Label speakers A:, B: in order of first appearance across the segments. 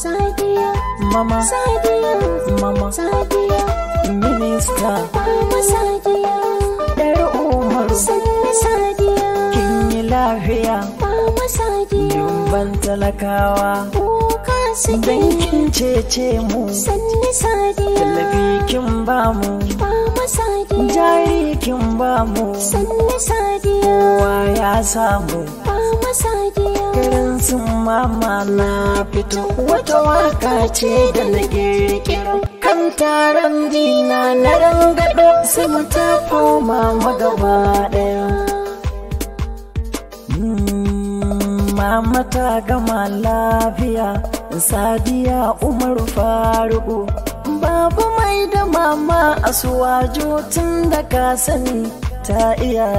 A: Sadiya Mama Mama Sadiya Minista Mama Sadiya Dero Umar Sanni Sadiya Kin yi lafiya Mama Sadiya Dumban talakawa Ukasi su Dan kin mu Sanni Sadiya Tallafi Kimba ba mu Mama Sadiya Jari Kimba ba mu Sanni Sadiya Kowa ya samu Mama Sadiya irin sun mama na fito wata waka ce da na kirkiro kan taron dina na rangado sai mu ta koma magaba daya mm, Mama ta gama lafiya, Sadiya Umar Faruku. babu mai da mama a suwajo tun da ka sani ta iya.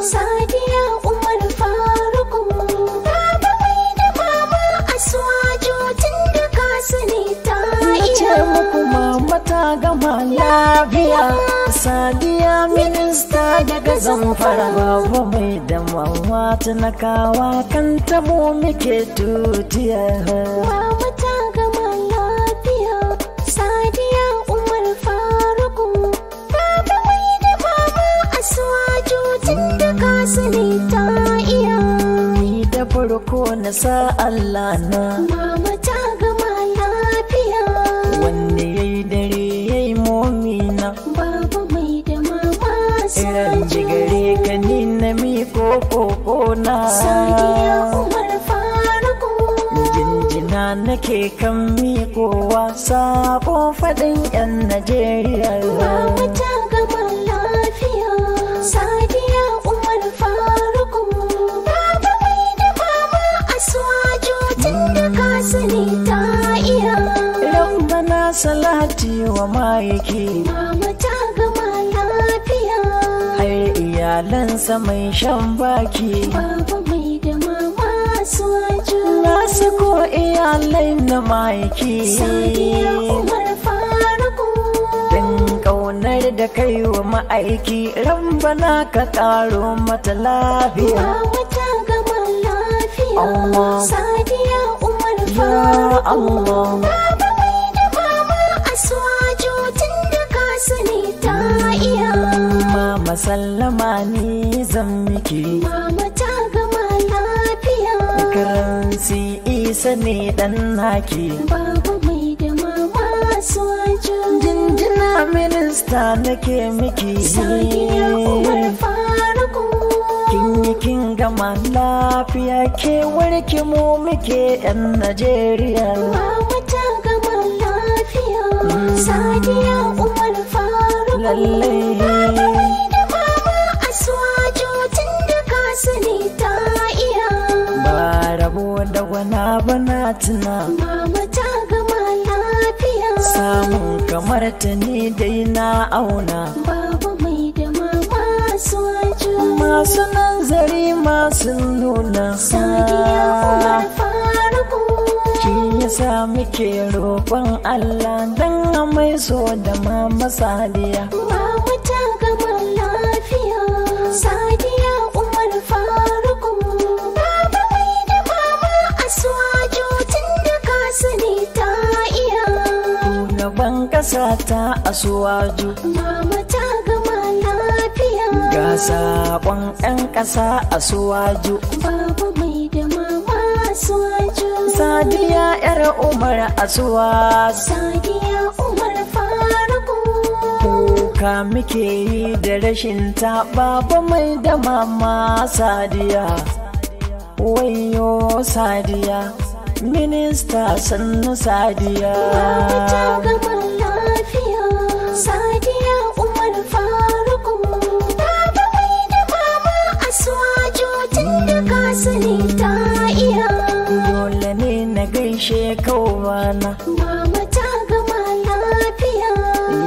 A: Sadiya Umar Faruk Baba mai da mama Aswaju tun da ka sani ta iya. ce muku mama ta gama lafiya. Sadiya minista daga zamfara baba mai da mama tunakawa kan tabo muke tutiya. Mama ta na sa Allah na. Mama ta gama lafiya. Wanne ya yi dare ya yi momina. Baba mai da mama sana. jigare ka ni na mi ko ko na. Sadiya Umar Faruku. Jinjina nake kan miƙowa sabon faɗin 'yan Najeriya. iyalansa mai shan baki baba mai da mama su nasu ko iyalai na maiki sadiya umar faruku da kai wa ma'aiki rambana ka karo mata lafiya mata gaban lafiya sadiya umar faruku mama sallama ni zan miki mama ta gama lafiya karansi isa ne dan naki baba mai da mama suwajo jinjina minista nake miki sadiya umar kin yi kin gama lafiya ke warki mu muke yan najeriya mama ta gama lafiya mm. sadiya umar faruk lallai da gwana bana tuna mama ta gama lafiya samu kamar ta ne dai na auna baba mai da mama su masu nan zari masu nuna sadiya yasa muke roƙon Allah dan mai so da mama sadiya mama kasa ta asuwaju mama ta gama lafiya ga sakon 'yan ƙasa asuwaju baba mai da mama waju. sadiya 'yar umar waju. sadiya umar faruku kuka muke yi da rashin ta baba mai da mama sadiya wayo sadiya minista sannu sadiya gaishe kawana mama ta gama lafiya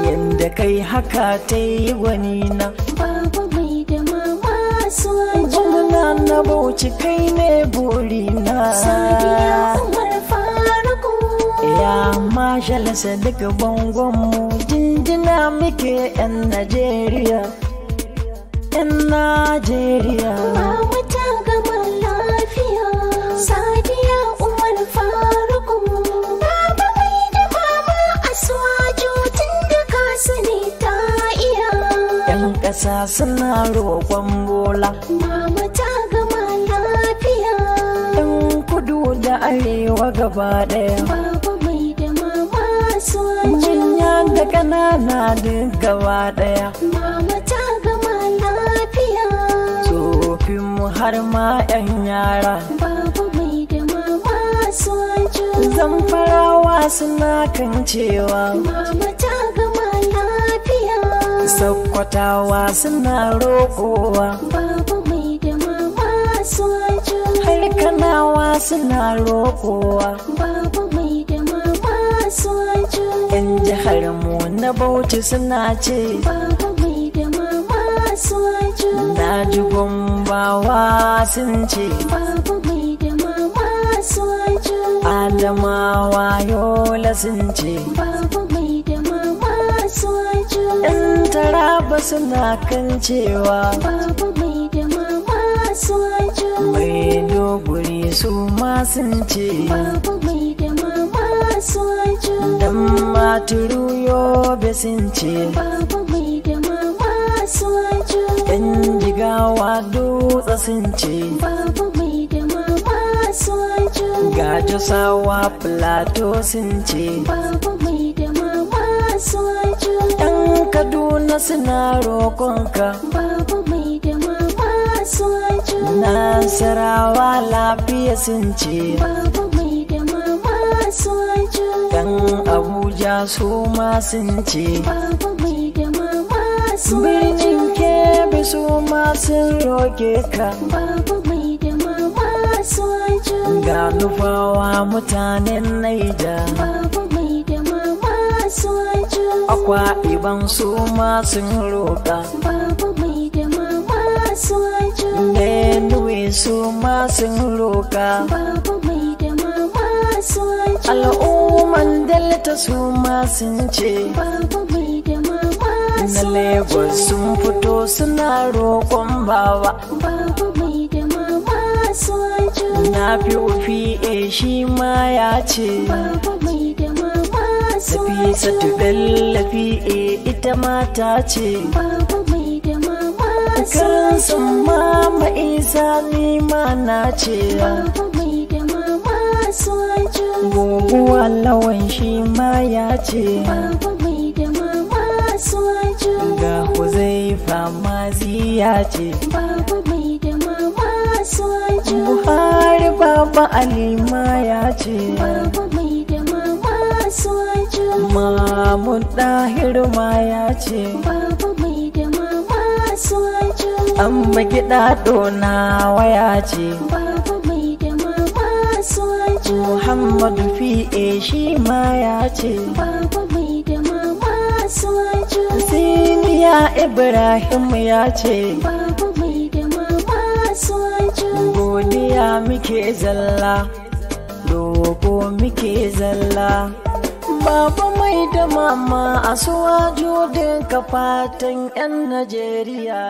A: yanda kai haka ta yi gwanina baba mai da mama su aji na bauchi kai ne buri na ma faruku ya bangon daga jinjina muke yan najeriya yan najeriya mama ta gama lafiya kasa ƙasa suna roƙon bola. Mama ta gama lafiya. 'Yan kudu da arewa gaba ɗaya. Baba mai da mama Manya da ƙanana duk gaba ɗaya. Mama ta gama lafiya. Tsofin mu har ma 'yan yara. Baba mai da mama Zamfarawa suna kan cewa. Mama sakkwatawa suna rokowa babu mai da mama soja har kanawa suna rokowa babu mai da mama soja yan jihar mu na bauchi suna ce babu mai da mama soja na ji gumbawa sun ce babu mai da mama soja adamawa yola sun ce babu 'yan taraba suna kan cewa babu mai da mama suwajo mai doguri su ma sun ce babu mai da mama suwajo dan maturu yobe sun ce babu mai da mama suwajo dan jigawa dutse sun ce babu mai da mama suwajo gajo sawa plato sun ce babu mai kaduna suna roƙonka baba mai da mama sojo nasarawa lafiya sun ce baba mai da mama sojo dan abuja su ma sun ce baba mai da mama sojo birnin kebe su ma sun roƙe ka baba mai da mama sojo ga nufawa mutanen naija Babu akwa iban su ma sun roƙa baba mai da mama su ajo nenuwe su ma sun roƙa baba mai da mama su ajo al'umman delta su ma sun ce baba mai da mama su ajo na lagos sun fito suna roƙon bawa. baba mai da mama su ajo na fi ofi e shi ma ya ce baba Nafisatu e ita mata ce. Baba mai mama Isa ni mana ce. Baba Guguwa lawan shi ma ya ce. Baba mai da mama Ga Huzaifa maziya ce. Buhari Baba Alima ya ce. Baba mamun ɗa ma ya ce Baba mai da mama suwaju an magiɗa ɗona waya ce Baba mai da mama suwaju muhammadu fi'e shi ma ya ce Baba mai da mama suwaju siniya ibrahim ya ce Baba mai da mama suwaju godiya muke zalla doko muke zalla babu da mama a suwa ka kafatan 'yan Najeriya.